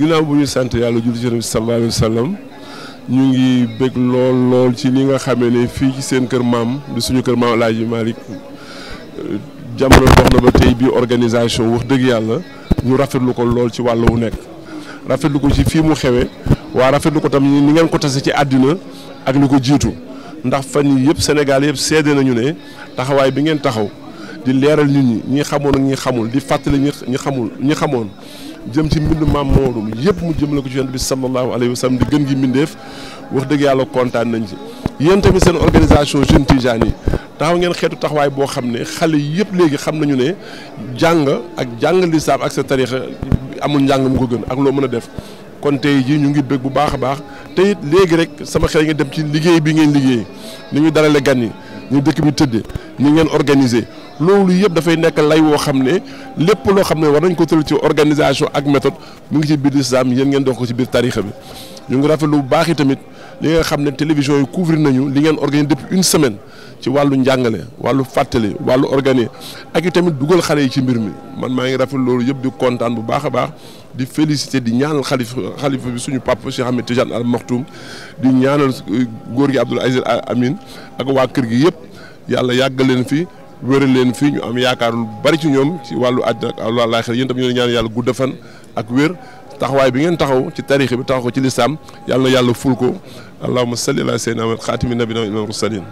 ginnaaw bu ñu sant yàlla julli ci nabi sallallahu alayhi wa ñu ngi bëgg lool lool ci li nga xamee ne fii ci seen kër maam di suñu kër maam El Hadj Malick jamono dox na ba tey bii organisation wax dëgg yàlla ñu rafetlu ko lool ci wàll wu nekk rafetlu ko ci fii mu xewee waa rafetlu ko tam ni ngeen ko tase ci àddina ak li ko jiitu ndax fan yii yëpp Sénégal yëpp seede nañu ne taxawaay bi ngeen taxaw di leeral nit ñi ñi xamoon ak ñi xamul di fàttali ñi xamul ñi xamoon. jëm ci mbind maam Maodo yëpp mu jëmale ko ci yonent bi sallallahu alayhi wa sallam di gën gi mbindeef wax dëgg yàlla kontaan nañ ci yéen tamit seen organisation Jeunes Tidianes yi taxaw ngeen xeetu taxawaay boo xam ne xale yëpp léegi xam nañu ne jàng ak jàng lislaam ak sa tarixa amul njàng mu ko gën ak loo mën a def kon tey jii ñu ngi bëgg bu baax a baax te it léegi rek sama xel ngi dem ci liggéey bi ngeen liggéey ni ñu dalale gan yi ñu dëkk bi tëdd ni ngeen organiser loolu yëpp dafay nekk lay woo xam ne lépp loo xam ne war nañ ko tëral ci organisation ak méthode mu ngi ci biir islam yéen ngeen dox ko ci biir tarixa bi ñu ngi rafet lu baax i tamit li nga xam ne télévision yi couvrir nañu li ngeen organisé depuis une semaine ci wàllu njàngale wàllu fàttali wàllu organisé ak i tamit dugal xale yi ci mbir mi man maa ngi rafet loolu yëpp di kontaan bu baax a baax di félicité di ñaanal xalif xalifa bi suñu papa si Ahmed Tidiane Al Maktoum di ñaanal euh, góor gi Abdoul Aziz Amine ak waa kër gi yëpp yàlla yàggal leen fi wéral leen fii ñu am yaakaar lu bari ci ñoom ci wàllu àddina ak wàllu àllaaxira yéen tam ñu ñaan yàlla gudd fan ak wér taxawaay bi ngeen taxaw ci tariix bi taxaw ko ci lislaam yàlla na yàlla ful ko allahumma salli ala sayyidina Muhammad xaatimi nabiyina imam rusalin